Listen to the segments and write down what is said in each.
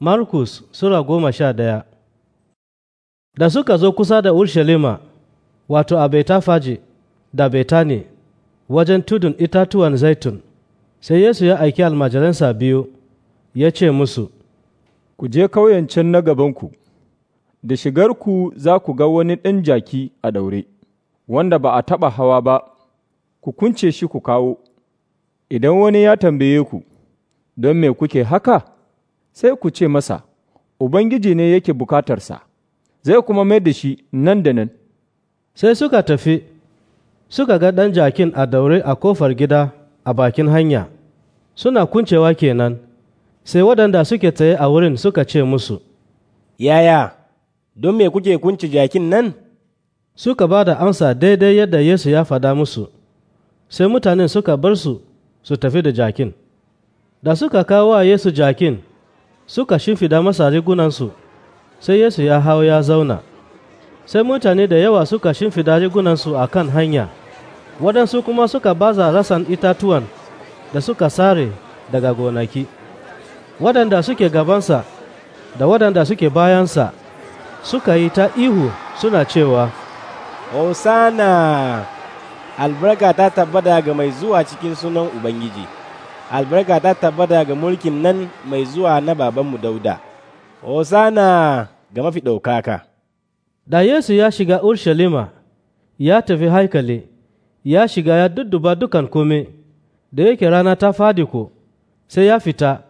Markus Sura goma sha ɗaya Da suka zo kusa da Urshalima, wato a Betafaji da Betani, wajen tudun itatuwan zaitun, sai Yesu ya aiki almajiransa biyu, ya ce musu, Ku je kauyen can na gabanku, da shigarku za ku ga wani ɗan jaki a daure, wanda ba a taɓa hawa ba, ku kunce shi ku kawo, idan wani ya tambaye ku, don me kuke haka? sai ku ce masa, Ubangiji ne yake bukatarsa, zai kuma mai da shi nan da nan. Sai suka tafi, suka ga ɗan jakin a daure a kofar gida a bakin hanya, suna kuncewa kenan, sai waɗanda suke tsaye a wurin suka ce musu, Yaya, don me kuke kunci jakin nan? Suka ba da amsa daidai yadda Yesu ya faɗa musu, sai mutanen suka bar su su tafi da jakin. Da suka kawo wa Yesu jakin, suka shimfida masa rigunansu sai Yesu ya hau ya zauna sai mutane da yawa suka shimfida rigunansu a kan hanya waɗansu kuma suka baza rasan itatuwan da suka sare daga gonaki waɗanda suke gabansa da waɗanda suke bayansa suka yi ta ihu suna cewa Osana albarka ta tabbata ga mai zuwa cikin sunan Ubangiji. albarka ta tabbata ga mulkin nan mai zuwa na babanmu dauda hosana ga mafi ɗaukaka da yesu ya shiga urshalima ya tafi haikali ya shiga ya dudduba dukan kome da yake rana ta fadi ko sai ya fita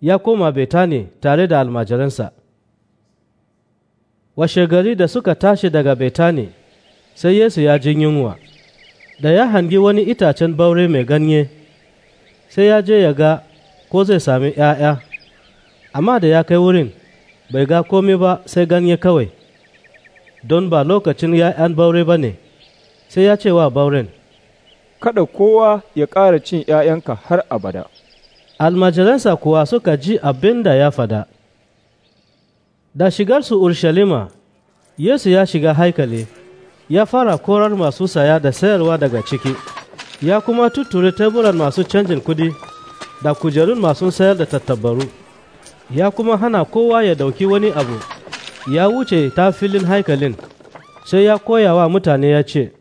ya koma betani tare da almajiransa washe gari da suka tashi daga betani sai yesu ya jin yunwa da ya hangi wani itacen baure mai ganye sai ya je ya ga ko zai sami ‘ya'ya, amma da ya kai wurin bai ga komi ba sai ganye kawai, don ba lokacin ‘ya'yan baure ba ne, sai ya ce wa bauren. Kada kowa ya ƙara cin ‘ya'yanka har abada. Almajiransa kuwa suka ji abin da ya fada. Da shigarsu Urshalima, Yesu ya shiga haikali, ya fara korar masu saya da sayarwa daga ciki. ya kuma tutture teburan masu canjin kudi da kujerun masu sayar da tattabaru ya kuma hana kowa ya dauki wani abu ya wuce ta filin haikalin sai ya koya wa mutane ya ce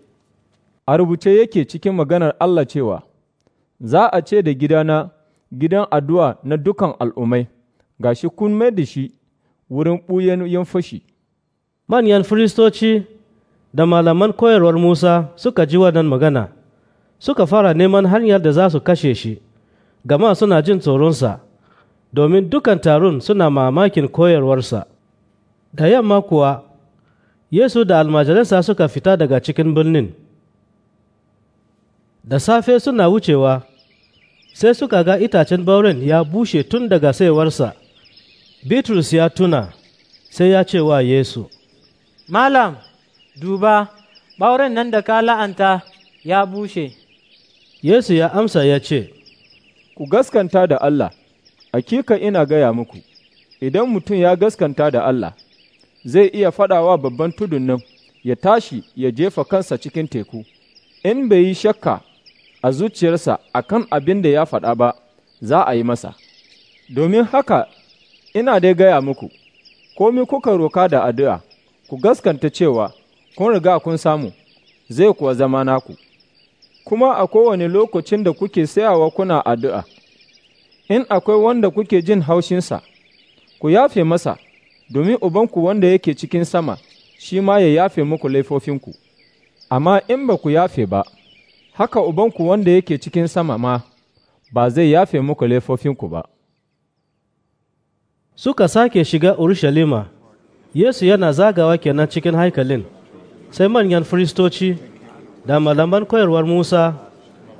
a rubuce yake cikin maganar Allah cewa za a ce da gidana gidan addu'a na dukan al'ummai shi kun mai da shi wurin ɓuyen yin fashi manyan firistoci da malaman koyarwar musa suka ji wannan magana suka fara neman hanyar da za su kashe shi gama suna jin tsoronsa domin dukan taron suna mamakin koyarwarsa da yamma kuwa yesu da almajalinsa suka fita daga cikin birnin da safe suna wucewa sai suka ga itacen bauren ya bushe tun daga saiwarsa bitrus ya tuna sai ya ce wa yesu malam duba bauren nan da ka la'anta ya bushe Yesu ya amsa ya ce, Ku gaskanta da Allah, hakika ina gaya muku, idan mutum ya gaskanta da Allah, zai iya faɗawa babban tudun nan ya tashi ya jefa kansa cikin teku, in bai yi shakka a zuciyarsa a kan abin da ya faɗa ba, za a yi masa. Domin haka, ina dai gaya muku, komi kuka roka da addu'a, ku gaskanta cewa kun riga kun samu, zai kuwa zama naku. kuma a kowane lokacin da kuke sayawa kuna addu'a, in akwai wanda kuke jin haushinsa, ku yafe masa, domin Ubanku wanda yake cikin sama, shi ma ya yafe muku laifofinku, amma in ba ku yafe ba, haka Ubanku wanda yake cikin sama ma, ba zai yafe muku laifofinku ba. Suka sake shiga Urushalima, Yesu yana zagawa kenan cikin haikalin, sai manyan firistoci da malaman koyarwar Musa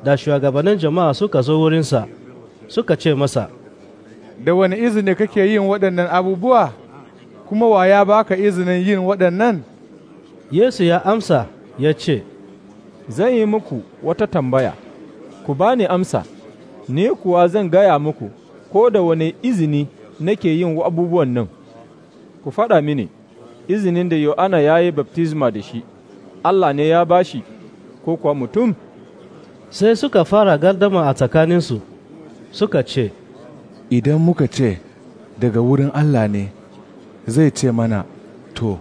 da shugabannin jama'a suka zo wurinsa suka ce masa, Da wani izini kake yin waɗannan abubuwa, kuma wa ya baka izinin yin waɗannan? Yesu ya amsa ya ce, Zan yi muku wata tambaya, ku bani amsa, ni kuwa zan gaya muku ko da wani izini nake yin abubuwan nan. Ku faɗa mini, izinin da Yohana ya yi baptisma da shi, Allah ne ya bashi ko kuwa mutum sai suka fara gardama a tsakaninsu suka ce idan muka ce daga wurin allah ne zai ce mana to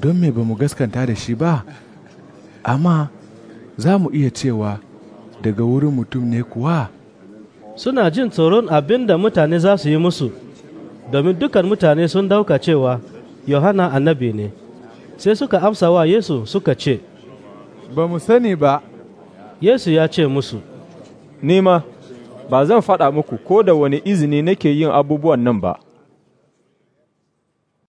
don me ba mu gaskanta da shi ba amma za mu iya cewa daga wurin mutum ne kuwa suna jin tsoron abin da mutane za su yi musu domin dukan mutane sun dauka cewa yohana annabi ne sai suka amsa wa yesu suka ce ba mu sani ba. Yesu ya ce musu, Nima, ba zan faɗa muku ko da wani izini nake yin abubuwan nan ba.